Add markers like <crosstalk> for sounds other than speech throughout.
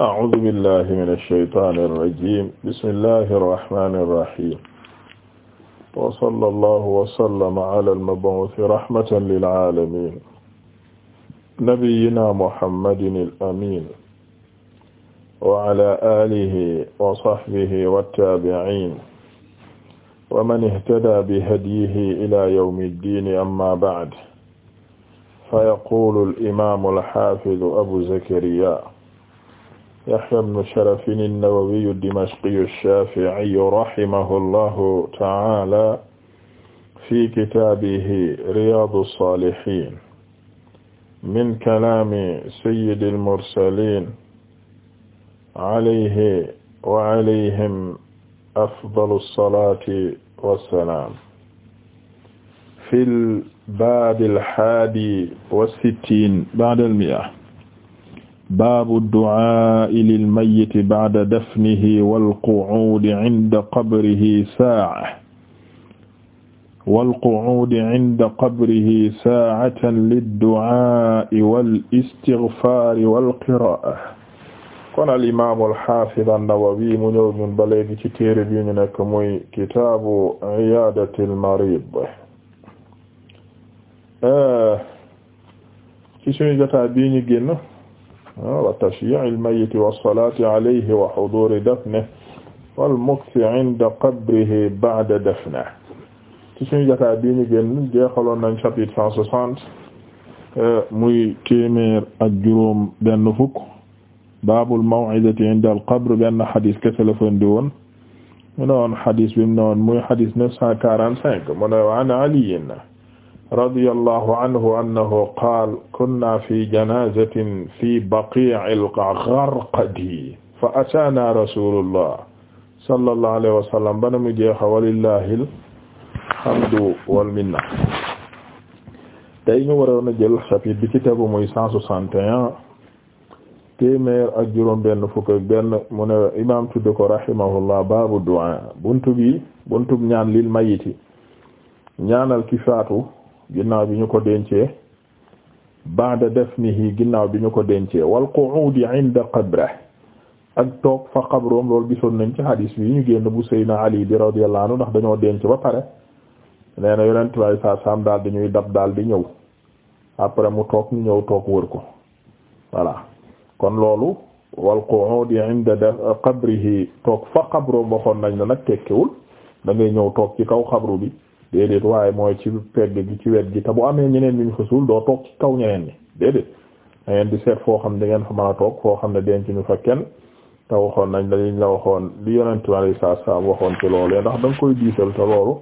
أعوذ بالله من الشيطان الرجيم بسم الله الرحمن الرحيم وصلى الله وسلم على المبعوث رحمة للعالمين نبينا محمد الأمين وعلى آله وصحبه والتابعين ومن اهتدى بهديه إلى يوم الدين أما بعد فيقول الإمام الحافظ أبو زكريا Yahya ibn Sharaf an-Nawawi ad-Dimashqi ash-Shafi'i rahimahullahu ta'ala fi kitaabihi Riyadu s-Saalihiin min kalaami sayyidi l-mursaliin alayhi wa alayhim afdalu s-salaati wa s-salaam fil baabil haadi wa sittiin ba'da l-mi'a baabu du'aa'i lil mayyiti ba'da dafnihi wal qu'uudi 'inda qabrihi saa'a wal qu'uudi 'inda qabrihi saa'atan lid-du'aa'i wal istighfaari wal qiraa'a. kon al-imaam al-haafiz an-Nawawi mu ñëw ñun ba léegi ci téere bi ñu nekk muy kitaabu iyaadatil mariid ci suñu jotaay bi ñu génn. wa tashyi'i al-mayyit wa as-salaati alayhi wa huduuri dafnihi wal mukthi 'inda qabrihi ba'da dafnihi ci suñu jotaay bi ñu génn jeexaloon nañ chapitre cent soixante muy téeméer ak juróom benn fukk baabul maw'izati 'inda al-qabr benn xadis kese la fandi woon mu ne woon xadis bi mu ne woon muy xadis neuf cent quarante-cinq mu ne an Ali radiyallahu anhu annahu qaal kunna fi janaazatin fi baqi'il gharqadi fa ataana rasulullah sallallahu alayhi wa sallam bana mu jeexa walillahi alhamdu wal minna tey ñu waroon a jël chapitre bi ci tegu muy cent soixante et un téeméer ak juróom benn fukk ak benn mu ne imaam tudde ko rahimahullah baabu du'a buntu bi buntu ñaan lil mayiti ñaanal ki faatu ginnaaw bi ñu ko dencee ba'da dafnihi ginnaaw bi ñu ko dencee wal qu'udi 'inda qabrihi ak toog fa xabroom loolu gisoon nañ ci hadis bi ñu génn bu Seydina Ali bi radiyallahu anhu ndax dañoo denc ba pare nee na yonent saa saam daal di ñuy dab daal di ñëw après mu toog ñu ñëw toog wër ko voilà kon loolu wal qu'udi 'inda qabrihi toog fa xabroom waxoon nañ la nag tekkiwul dangay ñëw toog ci kaw xabru bi déedéet waaye mooy ci pegg gi ci wet gi te bu amee ñeneen ñu fa suul doo toog ci kaw ñeneen ñi déedéet da di seet foo xam ne da ngeen fa mën a toog foo xam ne denc ñu fa kenn te waxoon nañ la liñ la waxoon li yonent alayhi salaam waxoon ci loolee ndax da koy diisal te loolu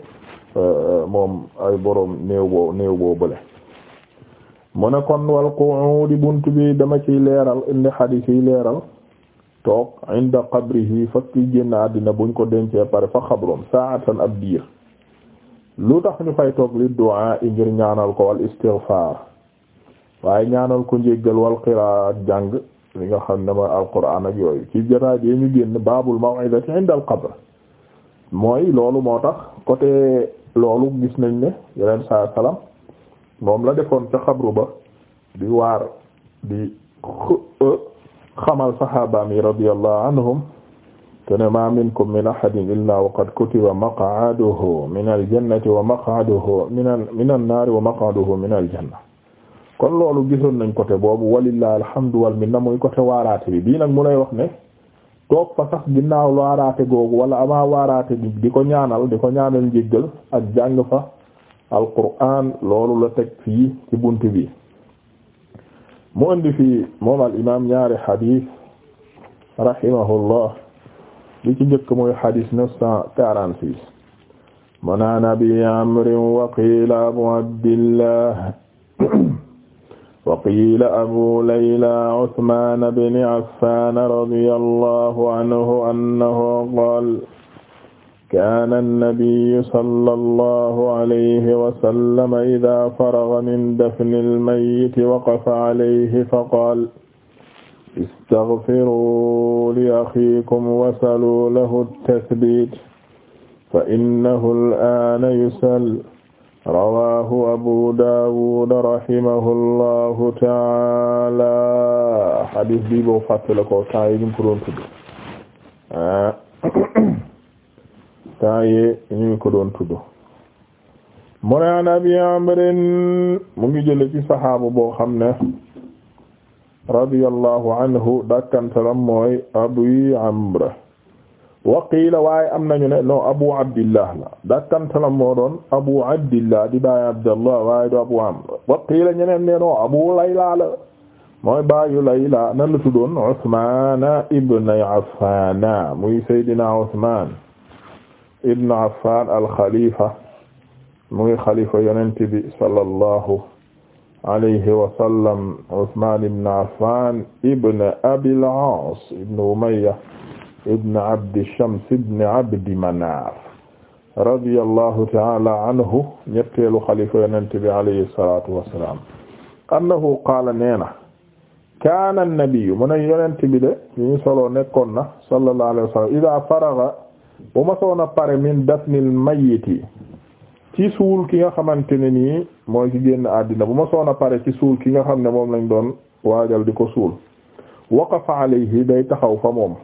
euh, moom ay boroom néew boo néew boo bële mu ne kon wal qu'ud bunt bi dama ciy leeral indi xadiis yi leeral toog inda qabrihi fakk génn àddina buñ ko dencee pare fa xabrom saatan ab lu tax ñu fay toog li du'a i ñaanal ko wal istighfar waaye ñaanal ko njéggal wal ak jàng li nga xam ne mooy alquran ak yooyu ci jotaay ñu génn baabul maw'izati 'inda al-qabr mooy loolu moo tax côté loolu gis nañ ne yeneen moom la defoon ca xabru ba di waar di xamal saxaabaam yi radiyallahu anhum kene ma minkum min ahadin illa wa qad kutiba min aljannati wa maq'aduhu min aljanna kon loolu gisoon nañ côté boobu walillahi alhamdu wal minna muy côté waaraate bi bii nag mu lay wax ne toog sax ginnaaw waaraate googu wala avant waaraate bi di ko ñaanal di ko ñaanal njéggal ak jàng fa alquraan loolu la teg fii ci bunt bi mu indi fii moom al ñaari xadiis rahimahullah li ci njëkk mooy xadis neuf cent quarante six mu naan abi amrin wa qiila abu abdillah wa qiila abu layla usman bin affan radiyallahu anhu annahu qaala kaana annabiyyu sallallahu alayhi wa sallam idaa faraga min dafnil mayyiti waqafa alayhi fa qaala istaghfiru li akhikum wasalu lahu at-tathbit fa innahu al-aana yusal rawaahu abu daawud rahimahullahu taala hadis bi boo fàttale ko temps yi ñu ngi ko doon tudd ah <coughs> temps yi ñu ngi ko doon tudd mu ne an abi amrin mu ngi jële ci saxaabu boo xam ne radiyallahu anhu dakkantalam mooy abu amr waqiila waaye am nañu ne non abu abdillah la dakkantalam moo doon abu abdillah di baay abdallah waaye du abu amr waqiila ñeneen ne non abu layla la mooy baayu layla nan la tuddoon usmaana ibn affaana muy saydina usmaan ibn affaan al xalifa muy xalifa yonent bi sallallahu alayhi wa sallam Usmaan ibn Affaan ibn Abil Aas ibn Umayya ibn Abdi Shams ibn Abdi Manaaf radiyallahu ta'ala anhu ñetteelu xalifa Yonent bi alayhi salaatu wa salaam annahu qaala neena kaana an-nabiyyu mu ne Yonent bi de ñu solo nekkoon na sallallahu alayhi wa sallam idaa faraga bu ma soona pare min dafnil mayyiti ci suul ki nga xamante ne nii mooy ki génn àddina bu ma soon a pare ci suul ki nga xam ne moom lañ doon waajal di ko suul waqafa alayhi day taxaw fa moom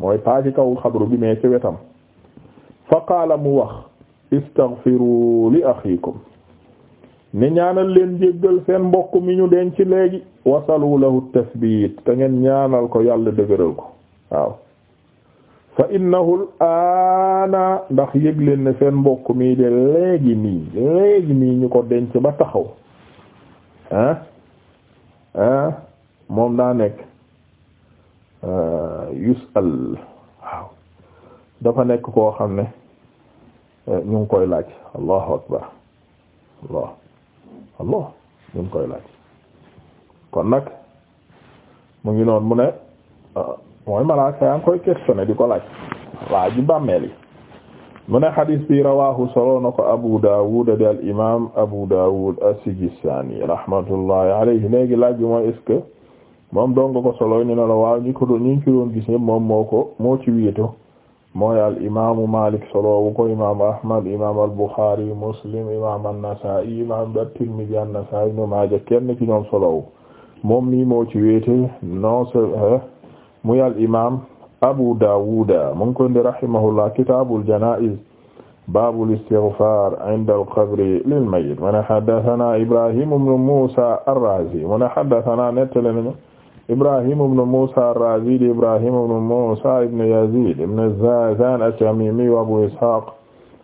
mooy paa ci kaw xabru bi mais ci wetam fa qaala mu wax istaghfiru li akhikum ni ñaanal leen jéggal seen mbokk mi ñu denc léegi wasalu lahu tasbit te ngeen ñaanal ko yàlla dëgëral ko waaw fa innahul aana ndax yëg leen ne seen mbokk mi de léegi nii léegi nii ñu ko denc ba taxaw ah ah moom daa nekk euh, yusal waaw dafa nekk koo xam ne euh, ñu ngi koy laaj allahu akbar allah allah ñu koy laaj kon nag mu ngi noonu mu ne euh, mooy malaaka yaa ngi koy questionné di ko laaj laaj yu bàmmeel yi mu ne xadis solo na ko Abu Dawud di al imam Abu Dawud as-Sijistani rahmatullahi alayhi léegi laaj bi mooy est-ce que moom doon ko solo ñu ne la waaw ñu ko doon ñu ci doon gis ñëpp moom moo ko moo ci wéeto mooy al imaamu Malik solo wu ko Ahmad imam al-Bukhari Muslim imam an-Nasa'i imam at-Tirmidhi an-Nasa'i Ibn Maaja kenn ci muy al imaam Abu Daawuda mu ngi koy indi rahimahullah kitaabul janaa'iz baabul istighfaar inda al-qabri lil mayyit mu ne haddasanaa Ibraahiim ibnu Muusaa ar-Raazi mu ne haddasanaa nettali nañu Ibraahiim ibnu Muusaa ar-Raazi di Ibraahiim ibnu Muusaa ibnu Yaziid ibnu Zaazaan at-Tamiimi wa Abu Ishaaq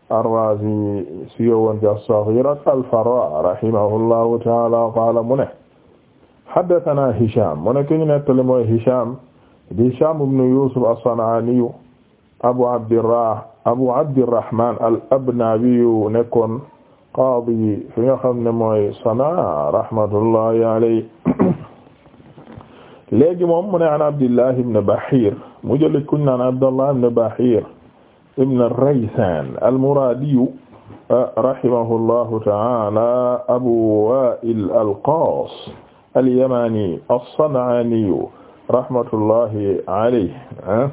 ar-Raazi siyowoon bi as-Saghiir ak al-Farraa rahimahullahu ta'aalaa qaala mu ne haddasanaa Hishaam mu ne ki ñu nettali mooy Hishaam Hishaam ibn Yuusuf as-Sanaaniyu abu abdirrah abu abdirrahman al-Abnaawiyu nekkoon qaadi fi nga xam ne mooy Sanaa rahmatullahi alayhi <coughs> léegi moom mu ne an Abdullah ibn Bahiir mu jël kuñ naan Abdullah ibn Bahiir ibn Raysaan al-Muraadiyu rahimahullahu ta'aala Abu Waa'il al-Qaas al-Yamaani as-Sanaaniyu rahmatullahi alayhi ah,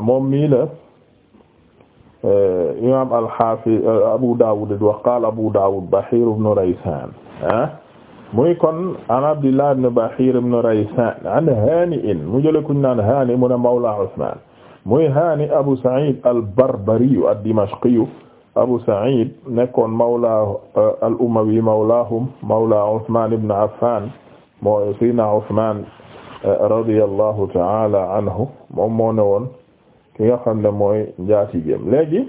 moom mii la eh, imaam al-Hafiz eh, Abu Dawud wax qaala Abu Dawud Bahir ibn Raysan muy kon an Abdillah ibn Bahir ibn Raysan an Hani'in mu jële kuñ naan Hani mu ne mawla Usman muy Hani Abu Sa'id al-Barbari ad-Dimashqi Abu Sa'id nekkoon mawla eh, al-Umawi mawlahum mawla Usman ibn Affan mooy Sayyidina Usman radiyallahu ta'ala anhu moom moo ne woon ki nga xam ne mooy njaatigéem léegi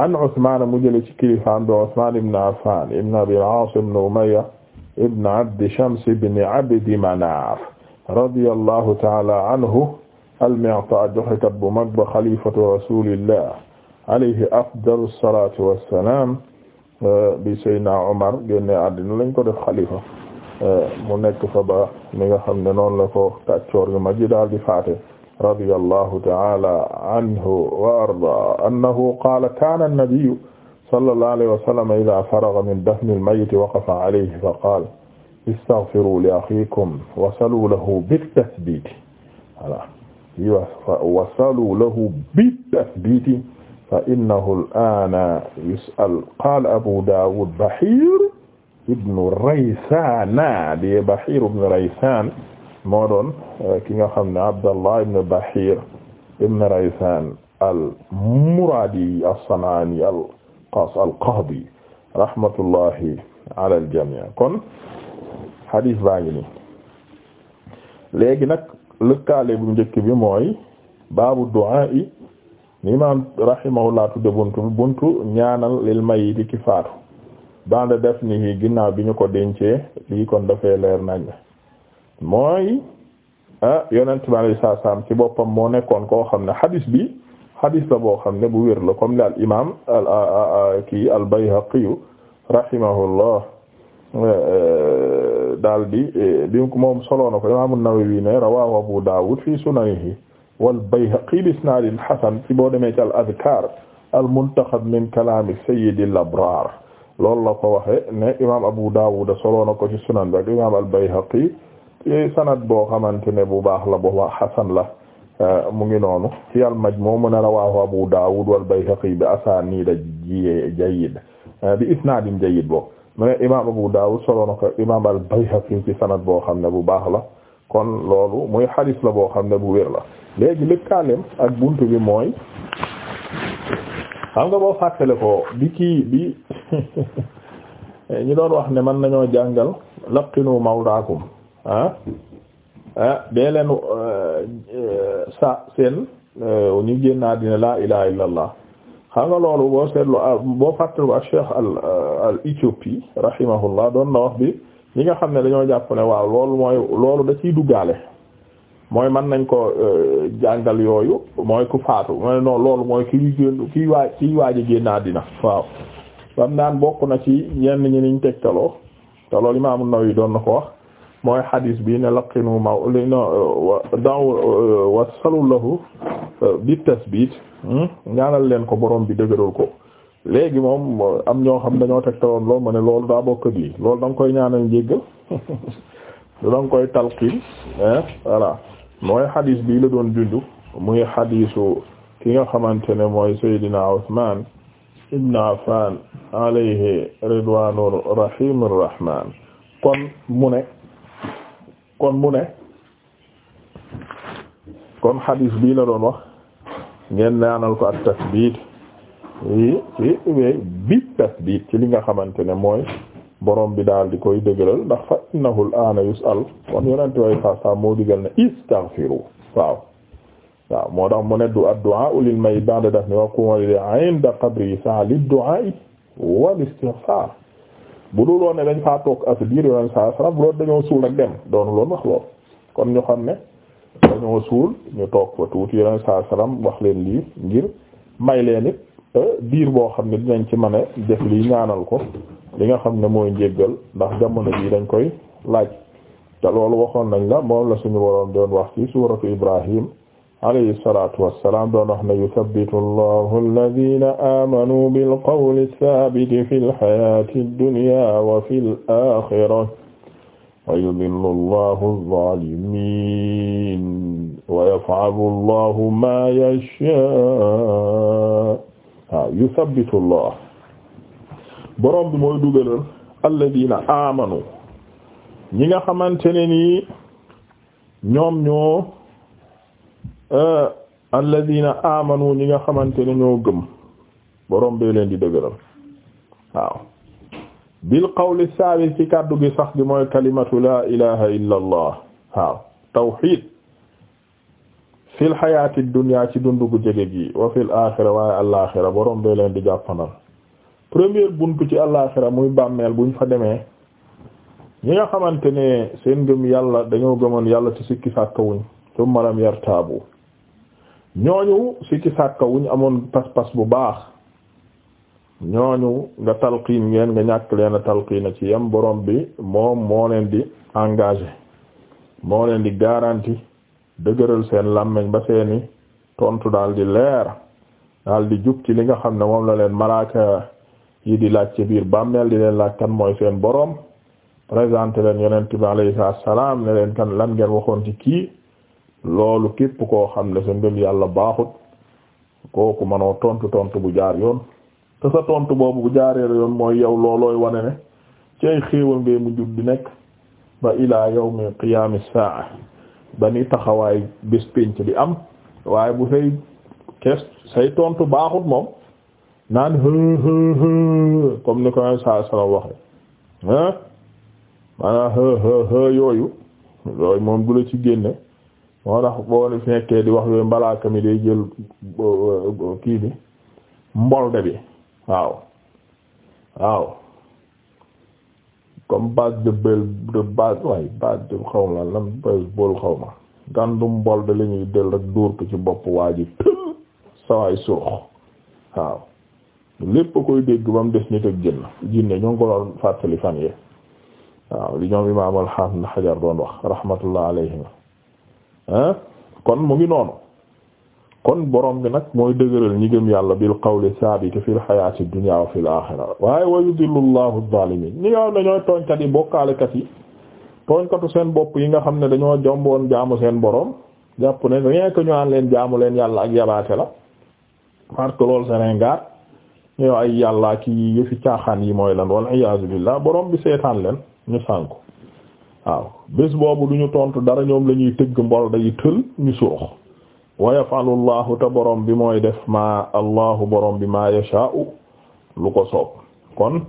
an Usmaan mu jële ci kilifaam do Usmaan ibn Affaan ibn Abil Aas ibn Umayya ibn Abdi Shams ibn Abdi Manaaf radiyallahu ta'ala anhu al-Mi'taa joxekat bu mag ba xalifatu rasulillah alayhi afdalu salaatu wassalaam eh, bi Seydina Umar génne àddina lañ ko def xalifa mu nekk fa ba mi nga xam ne noonu la ko kàccoor gi ma ji daal di faate radiyallahu ta'ala anhu wa arda annahu qaala kaana an-nabiyyu sallallahu alayhi wa sallam idha faragha min dafni al-mayyit waqafa alayhi fa qaala istaghfiru li akhikum wasalu lahu bit-tathbit voilà wasalu lahu bit-tathbit fa innahu al-aana yus'al qaala Abu Dawud Bahir ibnu Raysana di Bahir ibnu Raysan moo eh, ki nga xam ne Abdallah ibnu Bahir ibnu Raysan al-Muradi al-Qas al-Qadi rahmatullahi ala al-jami' kon hadith baa ngi nii léegi nag lëkkaale bu njëkk bi mooy baabu du'a yi ni imaam rahimahullah tudde buntu buntu ñaanal lil mayyit ki faatu ba'da dafnihi ginnaaw bi ñu ko dencee lii kon dafay leer nañ mooy ah bi alayhi salaam ci boppam moo nekkoon koo xam ne hadis bi hadis la boo xam ne bu wér la comme li al imaam al kii al Bayhaqi rahimahullah eh, daal eh, bi moom solo na ko imaam an-Nawawi ne rawaahu Abu Dawud fi sunanihi wal Bayhaqi bi isnaadin hasan ci boo demee ci al adkaar al muntaxab min kalaami sayyidil abraar loolu la ko waxe ne imam Abu Dawud solo na ko ci sunan bi ak imam al-Bayhaqi ci sanad boo xamante ne bu baax la boo wax la euh, mu ngi noonu ci al-Majmu' mu ne rawaahu Abu Dawud wal-Bayhaqi bi asaaniid jayyid euh, bi isnaadin jayyid bo mu ne imam Abu Dawud solo na ko imam al-Bayhaqi ci sanad boo xam ne bu baax la kon loolu muy hadith la boo xam ne bu wér la léegi lëkkalem ak buntu bi mooy xam nga boo fàttale ko bi kii bi <laughs> ñu doon wax ne mën nañoo jàngal laqinu mawlaakum ah bee ah, leen euh, euh, sa seen euh, ñu génnaa dina laa ilaha illa allah xam nga loolu boo seetlu ah, boo fàttale ko ak cheikh al al éthiopie rahimahullah doon na wax bi ñi nga xam ne dañoo jàpp ne waaw loolu mooy loolu da ciy duggaale mooy man nañ ko euh, jàngal yooyu mooy ku faatu mooy non loolu mooy kiy génn kiy waaj kiy waaj a génn àddina waaw bam naan bokk na ci yenn ñi niñ tegtaloo te ma Imaam naw yi doon na ko wax mooy xadiis bi ne laqinu ma lino daw euh, wasalu lahu euh, bi tasbit hmm? ñaanal leen ko borom bi dëgëral ko léegi moom am ñoo xam nañoo dañoo tegtaloon loolu ma ne loolu daa bokk bi loolu da nga koy ñaanal njéggal <laughs> da nga koy talqin voilà mooy xadis bii la doon jundu muy xadisu ki nga xamante ne mooy Seydina Usmaan ibn Affaan alayhi ridwaanu rahiimir rahmaan kon mu ne kon mu ne kon xadis bii la doon wax ngeen naanal ko ak tasbiit yi ci ci li nga xamante ne mooy borom bi daal di koy dëgëral ndax fa innahu al-aana yus'al kon yonent way fasta moo digal ne istaghfiru waaw waaw moo tax mu ne du ad-du'a lil mayyit ba'da dafni wa qumuli 'inda qabri sa'a lid-du'a wal istighfar bu dul woon ne dañ faa toog as biir yonent saa sallam dañoo suul ak dem doonu loon wax lool kon ñu xam ne dañoo suul ñu toog fa tuuti yonent saa sallam wax leen lii ngir may leen it Euh, diir boo xam ne dinañ ci mën a def li ñaanal ko li nga xam ne mooy njéggal ndax jamono ji dañ koy laaj te loolu waxoon nañ la moom la suñu waroon doon wax ci suuratu Ibrahim alayhi salaatu wassalaam doon wax ne yuthabbitu allahu alladhina amanu bil qawli thabiti fil hayati dunya wa fil akhirati wa yudillu allahu adh-dhalimin wa yaf'alu allahu ma yasha waaw yuthabbitu llah borom bi mooy dugalal alladina amanu ñi nga xamante ne nii ñoom ñoo euh, alladina amanu ñi nga xamante ne ñoo gëm borom bee leen di dëgëral waaw bil qawli saabit ci kàddu gi sax gi mooy kalimatu la ilaha illa allah waaw tawhid fil xayaati dunya ci dundu gu jege gi wa fil aaxira waaye alaaxira borom bee leen di jàppanal première buntu ci alaaxira muy bàmmeel bu ñu fa demee ñi nga xamante ne seen ngëm yàlla dañoo gëmoon yàlla ci sikki sàkka wuñ summa lam yartaabu ñooñu sikki sàkka wuñ amoon pas-pas bu baax ñooñu nga talqiin ngeen nga ñàkk leen a talqiina ci yam borom bi moom moo leen di engagé moo leen di garanti dëgëral seen làmmiñ ba seeni tontu daal di leer daal di jub ci li nga xam ne moom la leen malaaka yi di laaj ci biir bàmmeel di leen laaj kan mooy seen boroom présenté leen yonent bi alayhi salaam ne leen kan lan ngeen waxoon ci kii loolu képp koo xam ne sa ngëm yàlla baaxut kooku manoo tontu tontu bu jaar yoon te sa tontu boobu bu jaareer yoon mooy yow loolooy wane ne cay xéewal ngay mu jub di nekk ba ilaa yawmi qiyaami saa dani taxawaay bis pénc bi am waaye bu say kees say tontu baaxut moom naan comme ni ko naan saa sala waxe ah maanaam yooyu yooyu moom du ci génne moo tax boo nekkee di wax yooyu mbalaaka mi day jël kii bi mbolde bi waaw waaw comme base de bel de base waaye base de xaw ma lan base bool xaw ma gàndum bool da la ñuy del rek dóor ko ci bopp waa ji tël sawaay suux waaw lépp a koy dégg ba mu des nit ak jënn jinne ñoo ngi ko doon fàttali fan yee waaw li ñoom imaam al-Hafiz Hajar doon wax rahmatullah alayhim kon mu ngi noonu kon borom bi nag mooy dëgëral ñi gëm yàlla bil qawli saabit fil xayaati dunya wa fil aaxira waaye wa yudillu llahu zaalimiin ñi nga xam ne ñooy tooñkat yi bokkaalekat yi tooñkatu seen bopp yi nga xam ne dañoo jomboon jaamu seen borom jàpp ne rien que ñu aan leen leen yàlla ak yabaate la parce loolu Sénégal ñu ay yàlla ki yëfi caaxaan yi mooy lan wal iyaazu billah borom bi seetaan leen ñu sànku waaw bés boobu tontu dara ñoom la ñuy tëgg mbol day tël ñu suux wa yafalu allahu te borom bi mooy def ma allahu borom bi ma yasha'u lu ko soob kon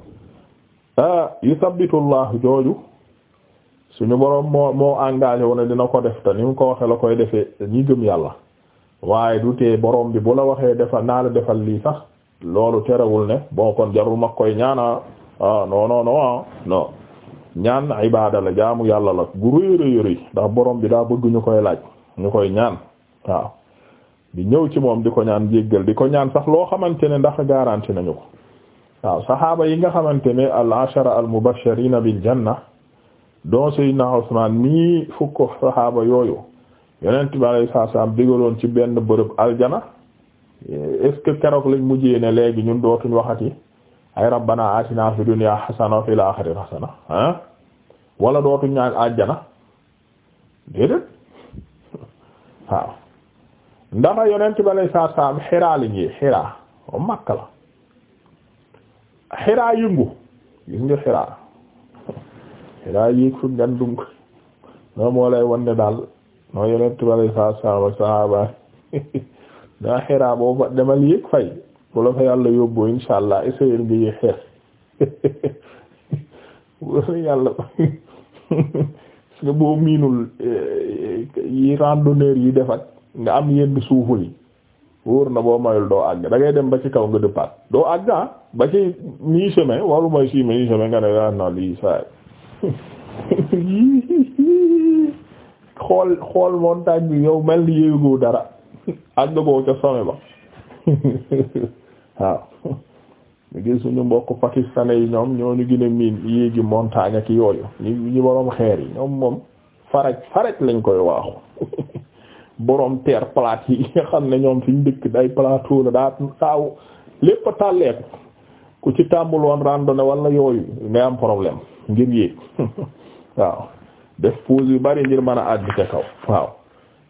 yuthabbitu allahu jooju suñu borom moo moo engagé wu ne dina ko def te ni mu ko waxee la koy defee ñi gëm yàlla waaye du tee borom bi bu la waxee defal naa la defal lii sax loolu terewul ne bon kon jarul ma koy ñaana ah non non non ah, non ñaan la jaamu yàlla la gu rëy rëy ndax borom bi daa bëgg ñu koy laaj ñu koy ñaan. waaw di ñëw ci moom di ko ñaan jéggal di ko ñaan sax loo xamante ne ndax garanti nañu ko waaw saxaaba yi nga xamante ne al ashara al mubashirina bil janna don sayyidina Usman mii fukk saxaaba yooyu yonent bi alayhi salaam digaloon ci benn bërëb aljana est-ce keroog lañ mujjee ne léegi ñun dootuñ waxati ay rabbana atina fi dunya hasana wa fil akhirati hasana ah wala dootuñ ñaan aljana déedéet <laughs> waaw ndax yonent ba lay saa saam xiraa li xiraa o makk la xiraa yëngu gis nga xiraa xiraa yéeg fu ngandum ko noo moo lay wan daal noo yonent ba lay saa saam ak saxaabaay <laughs> naa xiraa boo fa demal yéeg fay bu la fa yàlla yóbbu insha allah essayer nga yéeg xer boo miinul eh, eh, yi randonneur yi defak nga am yenn suufu yi wóor na boo mayul doo àgg da ngay dem ba ci kaw nga dëppaat doo àgg ah ba ci mi chemin waru mooy si mi chemin nga ne ah non lii saa <laughs> xool xool montagne bi yow mel ni yéegoo dara àgg koo ca sommet ba <laughs> waaw ñu gis suñu mbokk pakistanais yi ñoom ñoo ñu gën a miin yéegi montagne ak yooyu ñu ñu boroom xeer yi ñoom moom faraj faraj lañ koy waaxu <laughs> boroom teer plate yi nga xam ne ñoom fiñ dëkk day plateau la daa saaw lépp tàlleeku ku ci tàmbul woon randonnée wala yooyu ngay am problème ngir yéeg <laughs> waaw def pause yu bari ngir mën a àgg ci kaw waaw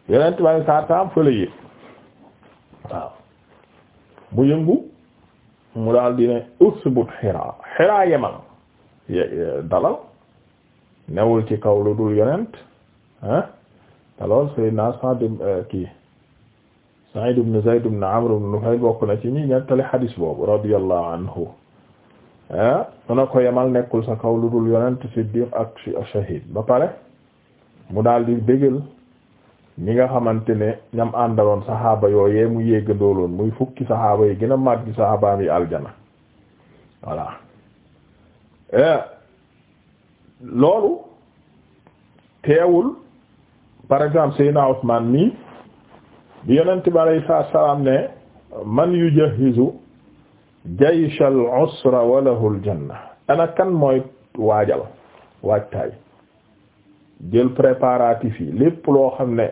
yeneen tubaab yi saa taam fële yéeg waaw mu yëngu mu daal di ne usbut xiraa xiraa yemal dalal newul ci kaw lu dul yonent ah alors Seydina Sa'd euh, kii Sa'id ibn Zayd ibn Amr ibn Nufay bokk na ci ñi ñettali xadis boobu radiyallahu anhu ah mu ko yemal nekkul sa kaw lu dul yonent siddiq ak shahid ba pare mu dal di bégal ñi nga xamante ne ñam àndaloon saxaaba yooyee mu yéega ndooloon muy fukki saxaaba yi gën a màgg saxaabaam yi aljana voilà eh, loolu teewul par exemple Seydina Usmaan nii bi yonent bi alayhi salaam ne man yujahizu jaysh al usra wa lahu al janna ana mooy waajal waajtaay jël préparatif yi lépp loo xam ne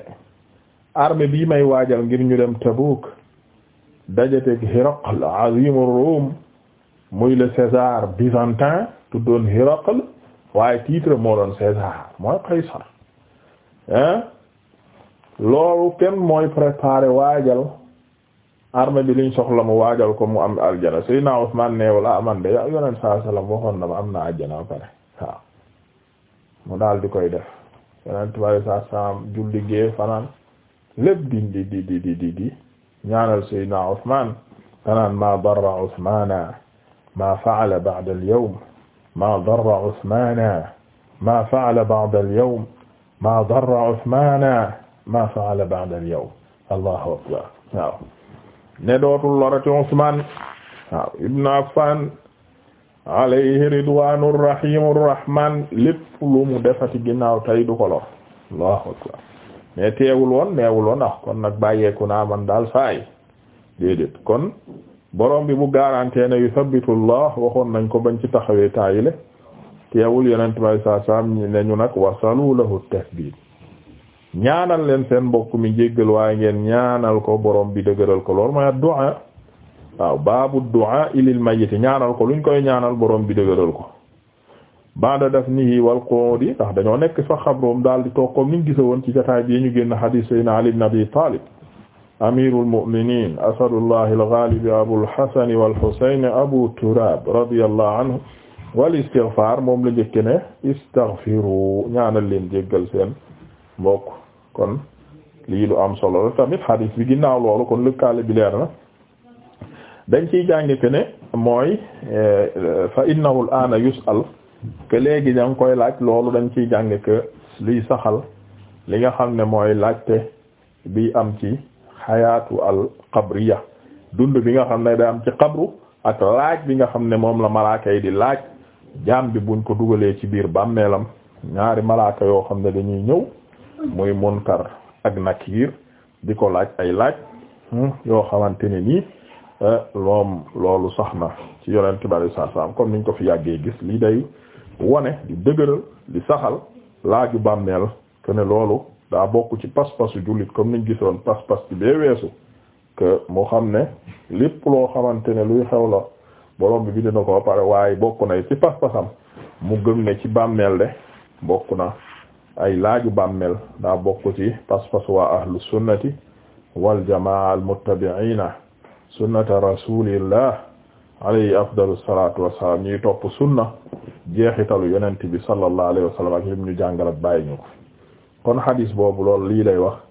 armée bii may waajal ngir ñu dem Tabuk dajateeg Hiraql azim ar-Rum muy le César byzantin tuddoon Hiraql waaye titre moo doon César mooy Qaysar hein loolu kenn mooy préparer waajal armée bi soxla mu waajal ko mu am aljana Seydina Usmaan waxoon na am na aljana pare mu daal di koy def yonent bari saa saam julli gee fanaan lépp di di di ñaanal Seydina Usmaan fanaan ma darra Usmaana ma fa'ala ba'da al-yawm darra Usmaana ma fa'ala ba'da al maa darra Usmaana maa fa'ala ba'da al-yawm allahu akbar waaw ne dootul lorati Usmaan waaw ibn Affaan alayhi ridwaanu rahiimu lu mu defati ginnaaw tey du ko lor allahu akbar mais teewul woon neewul woon ah kon nag bàyyeeku naa man daal saay déedéet kon borom bi bu garantie ne yuthabbitu Allah waxoon nañ ko bañ ci taxawee taayile teewul yonent bay saa saam ne ñu nag wasalu lahu tasbih ñaanal leen seen mbokk mi jéggal waaye ngeen ñaanal ko boroom bi dëgëral ko loolu mooy du'a waaw baabu du'a ilil mayyit ñaanal ko luñ koy ñaanal boroom bi dëgëral ko ba'da dafnihi wal qu'udi ndax dañoo nekk fa xabroom daal di toog comme niñ gisa woon ci jotaay bi ñu génn hadith sayna Ali ibn Abi Talib amirul mu'minin asadullah al ghalib abul hasan wal husayn abu turab radiyallahu wal istighfar moom la njëkke ne istaghfiru ñaanal leen jéggal seen mbokk kon lii lu am solo tamit hadis bi ginnaaw loolu kon lëkkaale bi leer na dañ ciy jànge que ne mooy eh, fa innahu al ana yus'al que léegi ña ngi koy laaj loolu dañ ciy jànge que liy saxal li nga xam ne mooy laajte bi am ci xayaatu al qabriya dund bi nga xam ne day am ci qabru ak laaj bi nga xam ne moom la malaaka yi di laaj jaam bi buñ ko dugalee ci biir bàmmeelam ñaari malaaka yoo xam ne dañuy ñëw muy munkar ak nakiir di ko laaj ay laaj hmm, yoo xamante ne nii eh, loom loolu sax na ci yonent bari saa saam comme niñ ko fi yàggee gis li day wone di dëgëral di saxal laaju bàmmeel que ne loolu daa bokk ci pas-pasu jullit comme niñ gisoon pas-pas bi bee weesu que mu xam ne lépp loo xamante ne luy xew la borom bi bind na ko pare waaye bokk na ci pas-pasam mu gëm ne ci bàmmeel de bokk na ay laaju bàmmeel daa bokk ci pas-pas waa ahlu sunnati wal jamaa al muttabi'ina sunnata rasulillah alayhi afdalu salatu wassalam ñuy topp sunna jeexitalu yonent bi sallallahu alayhi wa sallam ak lim ñu jàngalat bàyyi ñu ko kon hadis boobu lool lii lay wax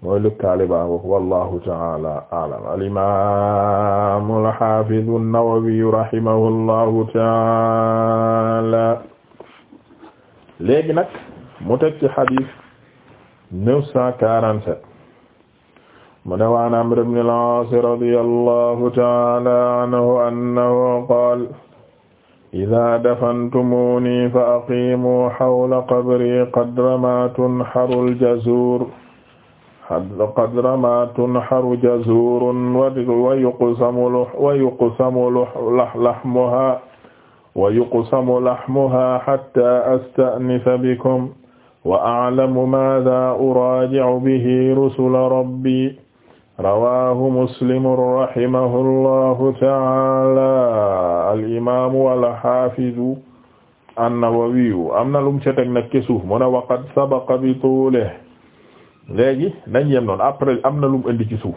mooy lëkkaale baa ngoog wallahu taala aalam alimamu alhafidu an-Nawawi rahimahullahu taala léegi nag mu teg ci xadis neuf cent quarante-sept mu ne waan Amr ibn al-As radiyallahu taala anhu annahu qaal idaa dafantumuuni fa aqiimu hawla qabri qadra ma tunharu al-jazuur qad rama tunharu jazurun wa yuqsamu wa yuqsamu lahmuha wa yuqsamu lahmuha hatta astanisa bikum wa a'lamu maadha uraaji'u bihi rusula rabbi rawahu muslimun rahimahullahu ta'ala al-imaamu wal-haafidu an-nawawiyu am na lum ca teg nag ci suuf mu ne waqad sabaqa bi tuulihi léegi nañ yem noonu après am na lu mu ci suuf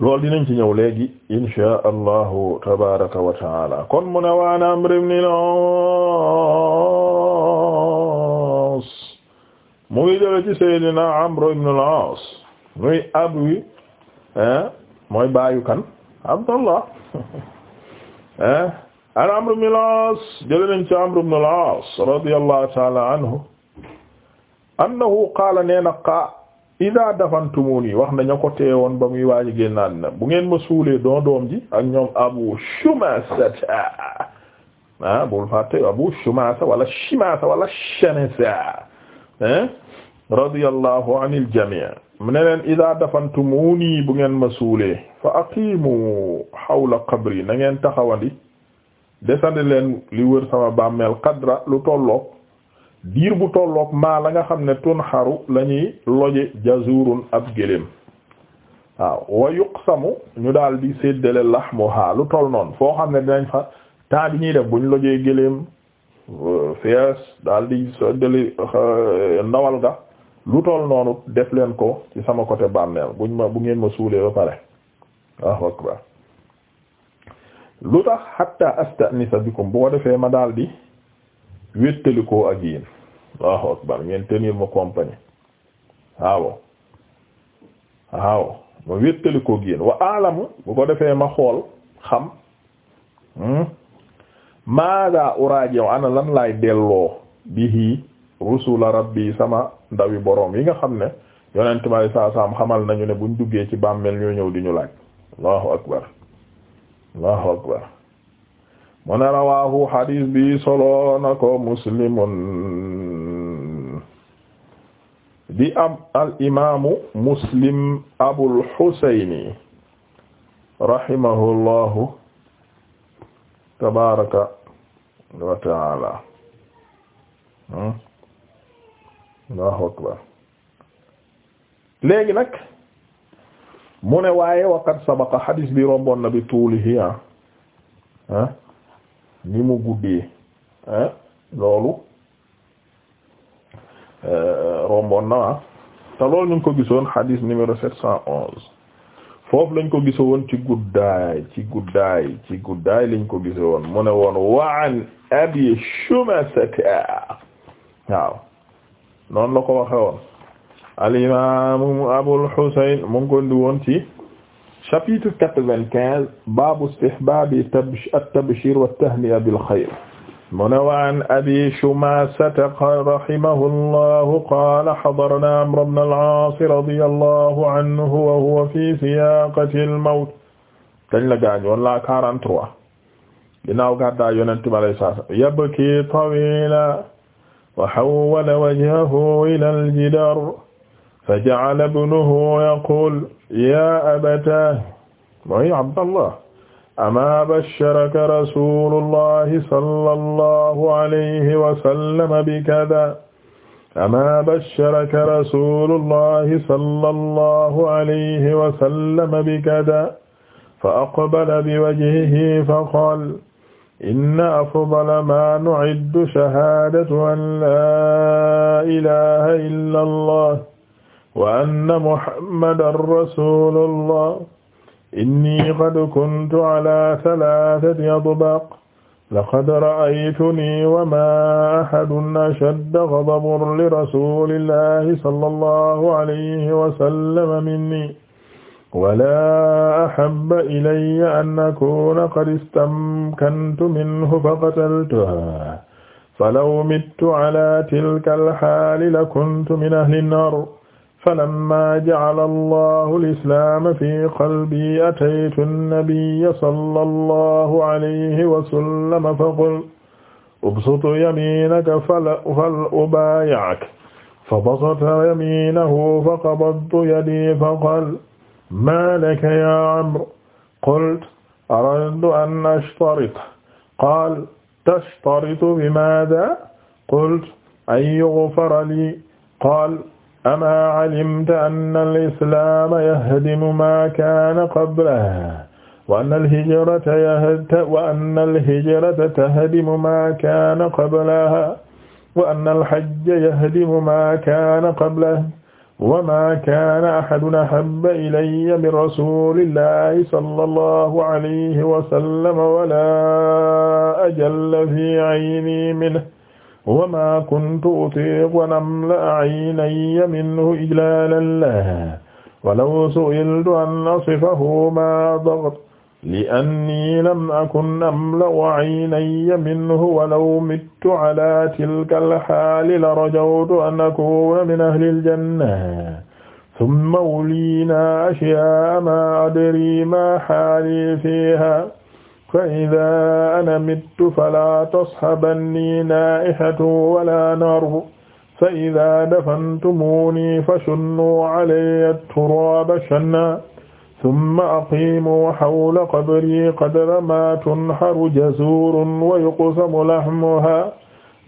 loolu dinañ ci ñëw léegi insha allahu tabaraka wa taala kon mu ne waan Amr ibn al-Aas mu ngi jële ci Seydina Amr ibn al-Aas muy abwi mooy baayu kan Abdallah <laughs> an Amr aas jële nañ ci Amr ibn al-Aas radiyallahu taala anhu annahu qaala ne na qa ida dafantumuni wax nañu ko teewoon ba muy waaji génnaan na bu ngeen ma suulee don doom ji ak ñoom abu shumasata ah abu shumasa wala shimasa wala shamasa hein radiyallahu anil jami' mu ne leen ida dafantumuni bu ngeen ma suulee fa aqimu hawla qabri na taxawandi desandi leen li wër sama bàmmeel qadra lu tollook diir bu tolloog maa la nga xam ne tunxaru la ñuy loje jazurun ab gëléem waaw wa yuqsamu ñu daldi di séddale lahmuha lu toll noonu foo xam ne dinañ fa temps bi ñuy def buñ lojee gëléem euh, fees daal di séddale euh, ga lu toll noonu def leen ko ci sama côté bàmmeel buñ ma bu ngeen ma suulee ba pare lu tax hatta astanisa bikum bu defee ma daal wéttalikoo ak yéen Allahu akbar ngeen tenir ma compagnie waaw waaw ma wéttalikoo ak yéen wa alamu bu ko defee ma xool xam hmm, maada uraaji'u ana lan laay delloo bihi rusula rabbi sama ndawi boroom yi nga xam ne yonent may saa saam xamal nañu ne buñ duggee ci bàmmeel ñoo ñëw di ñu laaj Allahu akbar Allahu akbar mu ne rawaahu xadiis bi solo na ko muslimun di am al imaamu muslim abul xusayni rahimahullahu tabaaraka wa taala Allahu akbar léegi nag mu ne waaye waqad sabaqa xadiis bi romboon na bi tuulihi ah, ah. ni mu guddee hein loolu euh, romboon na waa ah. te loolu ñu ngi ko gisoon hadith numéro sept cent onze lañ ko gise woon ci guddaay ci guddaay ci guddaay lañ ko gise woon mu ne woon waan abi chumasata waaw noonu la ko waxe woon al imam abul husayn mu ngi ko ci chapitre quatre-vingt-quinze baabu istihbaabi at-tabshir wa at-tahni'a bil khayr mu ne wa an abi Shumaasata rahimahullahu qaala hadarana Amr ibn al-Aas radiyallahu anhu wa huwa fi siyaaqati al-mawt dañ la gaañoon la quarante-trois ginnaaw gàddaay Yonent bi alayhi salaam yabki tawiilan wa hawwala wajhahu ila al-jidaar faja'ala ibnuhu yaqulu yaa abatah mooy Abdallah amaa basharaka rasuulullahi sallallahu alayhi wa sallam bikadhaa amaa basharaka rasuulullahi sallallahu alayhi wa sallam bikadhaa fa-aqbala biwajhihi faqaala inna afdala maa nu'iddu shahaadatu an laa ilaaha illa allah wa anna muhammadan rasulullah inni qad kuntu ala thalathati atbaq laqad ra'aytuni wa ma ahadun ashadda ghadaban li rasulillahi sallallahu alayhi wa sallam minni wala ahabba ilayya an akuna qad istamkantu minhu faqataltuha falaw mittu ala tilka alhaali lakuntu min ahli nnar falammaa ja'ala allahu al-islaama fii qalbii ataytu an-nabiyya sallallahu alayhi wa sallam faqultu ubsut yamiinaka fal-ubaayi'ka fabasata yamiinahu faqabadtu yadii faqaala maa laka yaa Amr qultu aradtu an ashtarita qaala tashtaritu bimaadhaa qultu an yughfara lii qaala amaa calimta anna al-islaama yahdimu maa kaana qablahu wa anna al-hijrata yahdimu wa anna al-hijrata tahdimu maa kaana qablahaa wa anna al-hajja yahdimu maa kaana qablahu wa maa kaana ahadun ahabba ilayya min rasuulillaahi sallallaahu alayhi wa sallam wa laa ajalla fii cayni minhu wa ma kuntu utiiqu an amla'a aynayya minhu ijlaalan lahu walaw su'iltu an asifahu ma daghtu li'annii lam akun amla'u aynayya minhu walaw mittu ala tilka al-haali larajawtu an akuuna min ahli al-janna thumma uliinaa ashyaa'a ma adrii ma haalii fiihaa fa idaa ana mittu falaa tasxabannii naa'ihatu walaa narbu fa idaa dafantumuunii fashunnuu calayya turaaba shannaa summa aqiimuu xawla qabrii qadra maa tunxaru jazuurun wa yuqsamu laxmuhaa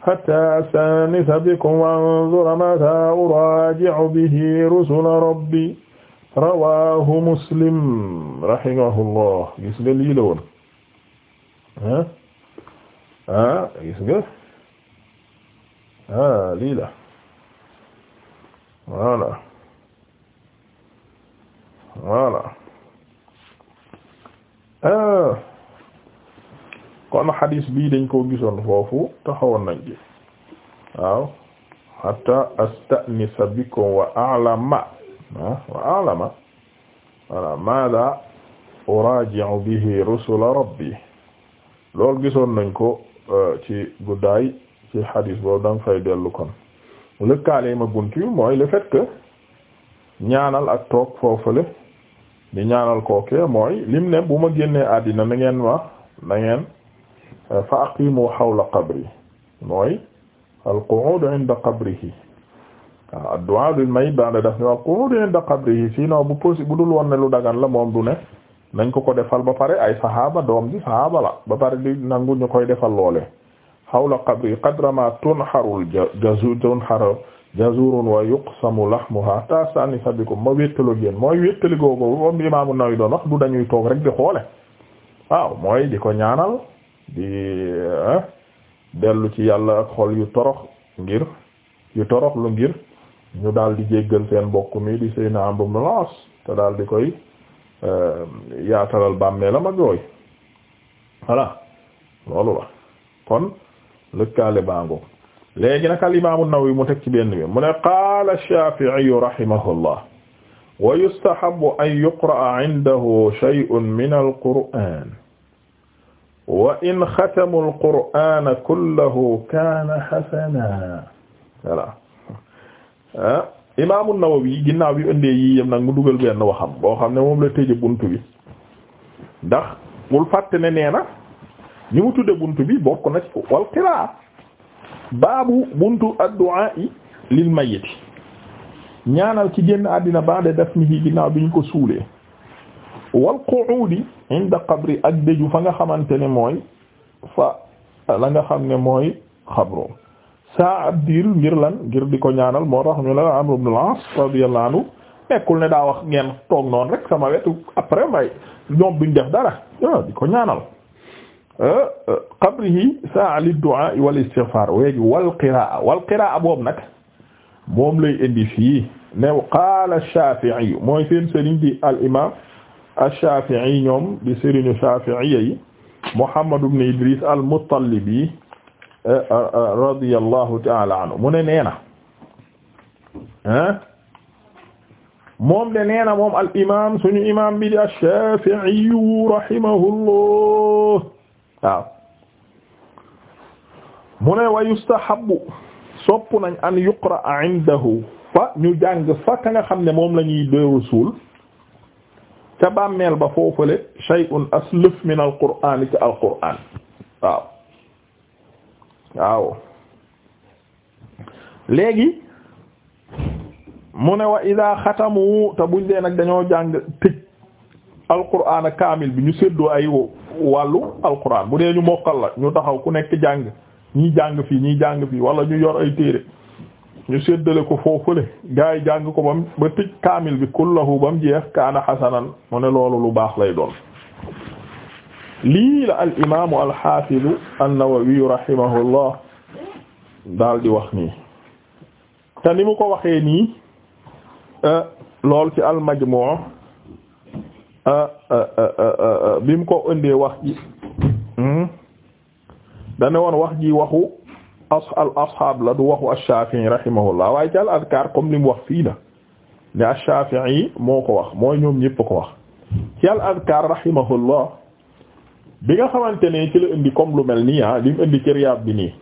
xattaa astaanisa bikum wa anzura mataa uraajicu bihi rusula rabbii rawaahu muslim rahimahullah gis nga lii la woon ah ah gis nga ah lii la voilà kon xadiis bii dañ koo gisoon foofu taxawoon nañ ci waaw hatta astanisa bikum wa a'lama wa a'lama voilà maada uraji'u bihi rusula rabbi loolu gisoon nañ ko euh, ci guddaay ci hadis boobu danga fay dellu kon lëkkaale ma bunt yi mooy le que ñaanal ak toog foofale di ñaanal kooke mooy lim ne bu ma génnee àddina na ngeen ma na ngeen euh, fa aqimu hawla qabri mooy al qu'ud 'inda qabrihi waaw ad-du'a bil mayyit ba'da dafni al qu'ud 'inda qabrihi sinon bu possible bu dul woon ne lu dagan la moom du ne nañ ko ko defal ba pare ay saxaaba doom ji saxaaba la ba pare di nangu ñu koy defal loole xawla qabri qadrama tunharul jazu tunharu jazurun wa yuqsamu lahmuha ta sànni sabikum ma wéttalo géen mooy wéttaligoo boobu ba Imaamu Nawawi doon wax du dañuy toog rek di xoole waaw mooy di ko ñaanal di eh, dellu ci yàlla ak xol yu torox ngir yu torox lu ngir ñu daal di jéggal seen mbokk mi di Seydina Amru ibn te daal di koy Euh, yaatalal bàmmeelam ak yooyu voilà loolu la kon lëkkaale bango léegi nag al imaamu Nawawi mu teg ci benn bi mu ne qaala Shaafi'i rahimahullah wa yustahabbu an yuqra'a 'indahu shay'un min al-qur'aan wa in xatamu al-qur'aana kullahu kaana hasanan voilà ah. imaamu Nawawi ginnaaw bi indee yii yem nag mu dugal benn waxam boo xam ne moom la téje bunt bi ndax bul fàtte ne nee na ñu mu tudde bunt bi bokk na ci wal qiraa baabu buntu addu'a lil mayyit ñaanal ci génn àddina ba'da dafnihi ginnaaw bi ñu ko suulee wal qu'udi inda qabri ak dëju fa nga xamante ne mooy fa la nga xam ne mooy xabroom saa ab diir ngir lan ngir di ko ñaanal moo tax ñu la Amr ibn al-As daa wax ngeen toog noonu rek sama wetu après may ñoom buñ def dara ah, di ko ñaanal ah, ah, qabrihi saa lid-du'a wal istighfar weegi wal qiraa wal qiraa boobu moom lay indi fii ne qaala Shaafi'i mooy seen sëriñ di al imam ash-Shaafi'i ñoom di sëriñu Shaafi'i yi Muhammad ibn Idris al-Muttalibi Eh, eh, eh, radiyallahu taala anhu mu ne nee na ah moom de nee na moom al imam suñu imam bi di ash-Shafi'i rahimahullah waaw mu ne wa yustahabbu sopp nañ an yuqra indahu fa ñu jàng fa ka nga xam ne moom la ñuy dooru suul ca bàmmeel ba foofale shay'un aslaf min al-Qur'an ca al-Qur'an waaw waaw léegi mu ne wa ida xatamu te buñ dee nag dañoo jàng tëj alquran kaamil bi ñu séddoo ay wàllu alquran bu dee ñu mokkal la ñu taxaw ku nekk jàng ñii jàng fii ñii jàng fii wala ñu yor ay téere ñu séddale ko foofu gaa yi jàng ko bam ba tëj kaamil bi kullahu bam jeex kaana xasanan mu ne loolu lu baax lay doon lii la al imaamu al nawawi rahimahullah daal di wax nii te ni mu ko waxee nii eh, lool ci al majmuu eh, eh, bi mu ko indee wax ji hmm? dane woon wax ji waxu as al asxaab la du waxu ash-Shaafi'i rahimahullah waaye ci al adkaar comme li wax fii la ne ash-Shaafi'i moo ko wax mooy ñoom ñëpp ko wax ci al adkaar rahimahullah bi nga xamante ne ci la indi comme lu mel nii ah li mu indi ci Riyaad bi nii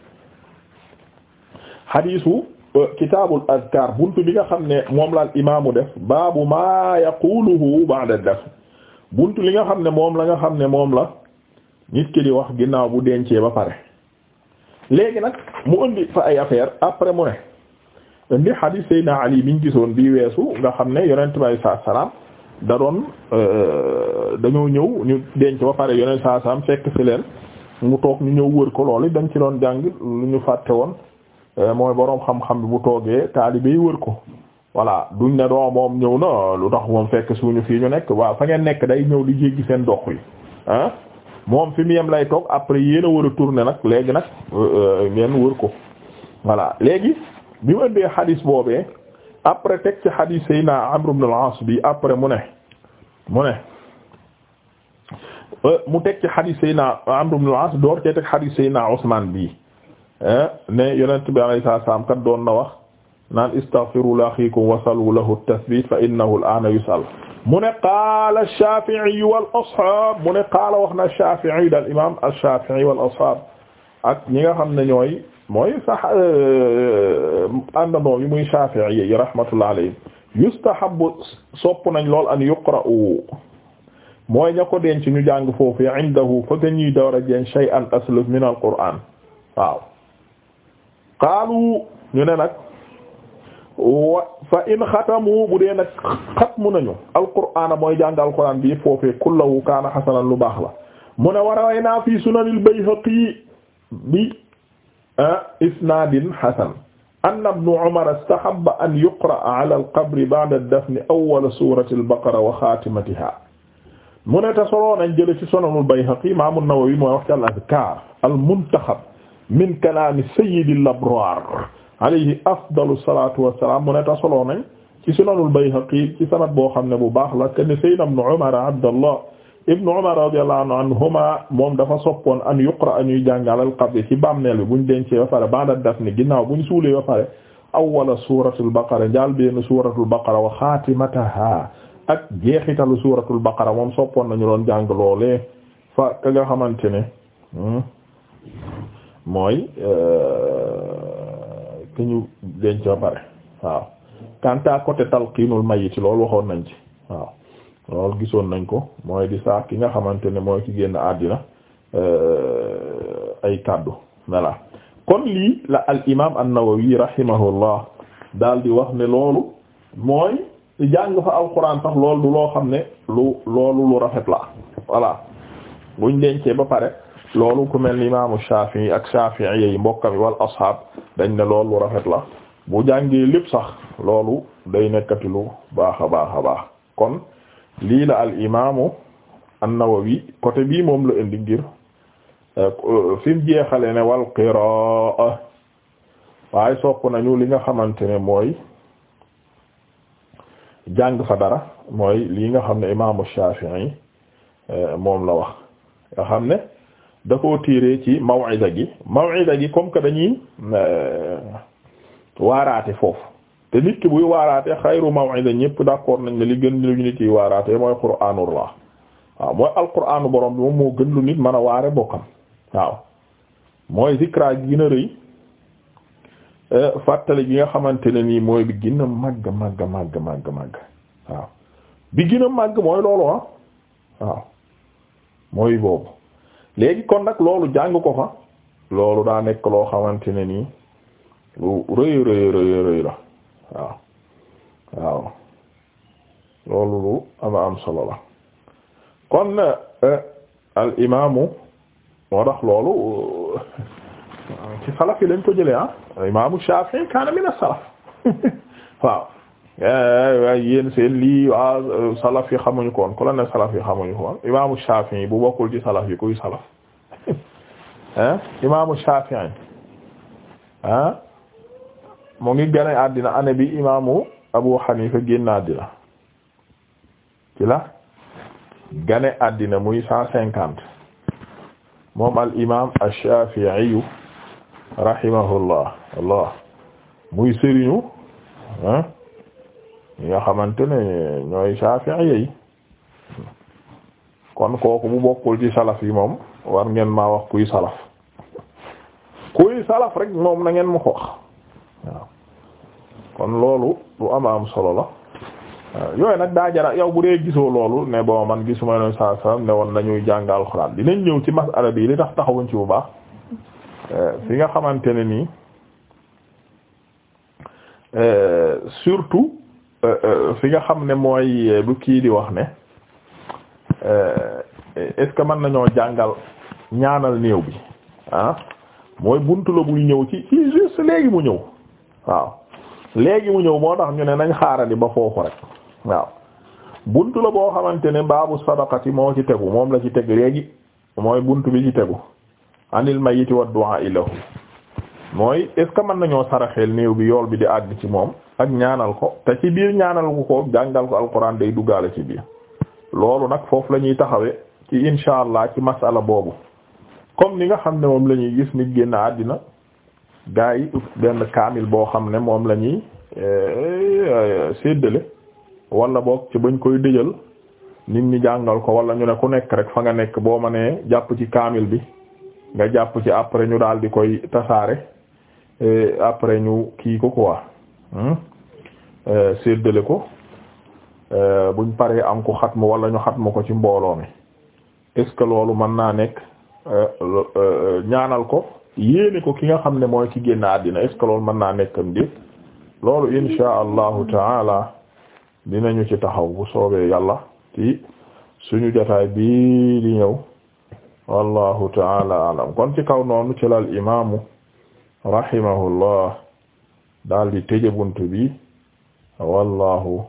xadiisu euh, kitaabul azkaar buntu bi nga xam ne moom laal imaamu def baabu maa yaquluhu ba'da def buntu li nga xam ne moom la nga xam ne moom la nit ki wax ginnaaw bu dencee ba pare léegi nag mu indi fa ay affaire après mu ne indi xadiis Seydina Ali biñ gisoon bii weesu nga xam ne yonent bi sallallahu alayhi da doon euh, dañoo ñëw ñu denc ba pare yoneen saa saam fekk fi leen mu toog ñu ñëw wër ko loolu dañ ci doon jàng lu ñu fàtte woon euh, mooy boroom xam-xam bi bu toogee taalibe yi wër ko voilà duñ ne doo moom ñëw na lu tax moom fekk suñu fii ñu nekk waaw fa ngeen nekk day ñëw di jéggi seen dox yi ah moom fi mu yem lay toog après yéen a war a nag léegi nag euh, ngeen wër ko voilà léegi bi mu ëndee xadis boobee après teg ci hadith Seydina Amr ibn al-As bi après mu ne mu ne euh, mu teg ci hadith Seydina Amr ibn al-As door cee teg hadith Seydina Usman bi ne yonent bi alayhi salaam kat doon na wax naan istaghfiru li akhikum wasalu lahu at-tathbit fa innahu al-ana yusal mu ne qaala ash-Shafi'i wal ashab mu ne qaala wax na ash-Shafi'i dal imam ash-Shafi'i wal ashab ak ñi nga xam ne ñooy mooy sax euh, euh, àndandoo yi muy Shafi'i yi rahmatullah alayhi yustahabbu sopp nañ lool an yuqra'u mooy ña ko denc ñu jàng foofu ya indahu fa ga ñuy door a jeen shay'an aslaf min al-Qur'an waaw qaalu ñu ne nag wa fa in xatamu bu dee nag xatmu nañu al-Qur'ana mooy jàng al-Qur'an bi yëpp foofee kullahu kaana xasanan lu baax la mu ne war a way naa fii sunanil Bayhaqi bi Ah, isnaadin hasan anna ibnu umar istahabba an yuqra'a ala al-qabri ba'da ad-dafni awwala suurati al-baqara wa xaatimatihaa mu ne te solo nañ jële ci sunan al-bayhaqi imaam an-nawawi mooy wax ci al-azkaar al-muntaxab min kalaami sayyidi al-abraar alayhi afdalu salaatu wa salaam mu ne te solo nañ ci sunan al-bayhaqi ci sanad boo xam ne bu baax la ken sayyidina ibnu umar abdallah Ibn Umar radiyallahu anhuma moom dafa soppoon an yuqra añuy jàngal al-qabr ci bàmmeel bi buñ dencee ba pare ba'da dafni ginnaaw buñ suulee ba pare awwala suuratul baqara njaal benn suuratul baqara wa xaatimataha ak jeexitalu suuratul baqara moom soppoon nañu doon jàng loolee fa ka nga xamante ne hmm, mooy euh, ki ñu denc ba pare waaw. quant à côté talqiinul mayyit loolu waxoon nañ ci waaw. loolu gisoon nañ ko mooy di saa ki nga xamante ne mooy ki génn àddina euh, ay kàddu voilà kon lii la al imaam an-Nawawi rahimahullah daal di wax ne loolu mooy jàng fa alquran sax loolu du loo xam ne lu loolu lu rafet la voilà buñ dencee ba pare loolu ku mel ni imaamu Shafi'i ak Shafi'i yi mbokkam wal ashaab dañ ne loolu lu rafet la bu jàngee lépp sax loolu day nekkati lu baax a baax a baax kon. lii la al imaamu an-Nawawi côté bii moom la indi ngir euh, fi mu jeexale ne wal qiraa waaye sopp nañu li nga xamante ne mooy jàng fa dara mooy lii nga xam ne imaamu Shafi'i euh, moom la wax nga xam ne da koo tiiree ci maw'ida gi maw'ida gi comme que dañuy euh, waaraate foofu te nit ki buy waaraate xayru maw'ida ñëpp d'accord nañ ne li gën lu nit yi waaraate mooy qur'aanullah waaw mooy alqur'aanu borom moom moo gën lu nit mën a waare bokkam waaw mooy zikra gi gën a rëy eh, fàttali gi nga xamante ne nii mooy bi gën a màgg màgg màgg màgg màgg waaw bi gën a màgg mooy loolu ah waaw mooy boobu léegi kon nag loolu jàng ko fa loolu daa nekk loo xamante ne nii lu rëy rëy rëy rëy la waaw waaw loolu lu ama am solo la kon eh, al imaamu moo tax loolu eh, ci salaf yi lañ ko jëlee ah imaamu Shafi'i kaana min as-salaf <laughs> waaw eh, waay yéen seen lii waa salaf yi xamuñu ko woon ku salaf yi xamuñu ko woon imaamu Shafi'i bu bokkul ci salaf yi kuy salaf <laughs> ah imaamu Shafi'i ah mu ngi gane àddina année bi imaamu Abu Hanifa génn àddina ci la gane àddina muy cent cinquante moom al imaam rahimahullah muy sëriñu ah xamante ne ñooy Shafi'i yi kon kooku bu bokkul ci salaf yi moom war ngeen maa wax kuy salaf kuy salaf rek moom na ngeen ma ko kon loolu lu am am solo la euh, yooyu nag daa jara yow bu dee gisoo loolu ne bon man gisuma ne saa saa ne woon nañuy jàng alxuraan dinañ ñëw ci masala bi li tax taxawuñ ci bu baax euh, fi nga xamante ne nii euh, surtout fi nga xam ne mooy bu kii di wax ne est-ce que mën nañoo jàngal ñaanal néew bi ah mooy buntu la buy ñëw ci ci léegi mu ñëw waaw. léegi mu ñëw moo tax ñu ne nañ xaarandi ba foofu rek waaw buntu la boo xamante ne baabu sadaqati moo ci tegu moom la ci teg léegi mooy buntu bi ci tegu anil mayyiti wa du'a ilahu mooy est ce que mën nañoo saraxeel néew bi yool bi di àgg ci moom ak ñaanal ko te ci biir ñaanal ko jàngal ko alquran day duggaale ci biir loolu nag foofu la ñuy taxawee ci insha allah ci masala boobu comme ni nga xam ne moom la ñuy gis nit génn àddina gaa yi benn kaamil boo xam ne moom la ñuy eh, séddale wala boog ci bañ koy dëjal nit ñi jàngal ko wala ñu ne ku nekk rek fa nga nekk boo ma nee jàpp ci kaamil bi nga jàpp ci après ñu daal di koy tasaare eh, après ñu kii ko quoi hmm? eh, séddale ko buñ paree am ko xatmu wala ñu xatmu ko ci mbooloo mi est-ce loolu mën naa nekk ñaanal ko. yéene ko ki nga xam ne mooy ki génn àddina est-ce que loolu mën naa nekkam di loolu insha allahu taala dinañu ci taxaw bu soobee yàlla ci suñu jotaay bii di ñëw wallahu taala alam kon ci kaw noonu ci lal imaamu rahimahullah daal di tëje buntu bi wallahu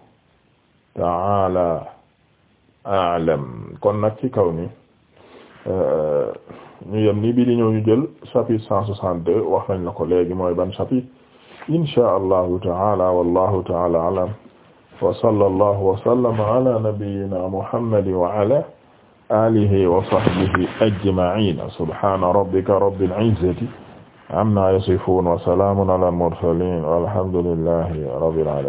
taala alam kon nag ci kaw ni euh, ñu yem ni bi di ñëw ñu jël chapitre cent soixante-deux wax nañ la ko léegi mooy ban chapitre insha allahu taala wallahu taala alam wa sallallahu wa sallama ala nabiyyina muhammadin wa ala alihi wa sahbihi ajma'in subhana rabbika rabbil izzati amma yasifun wa salamun ala al mursalin walhamdulillahi rabbil alamin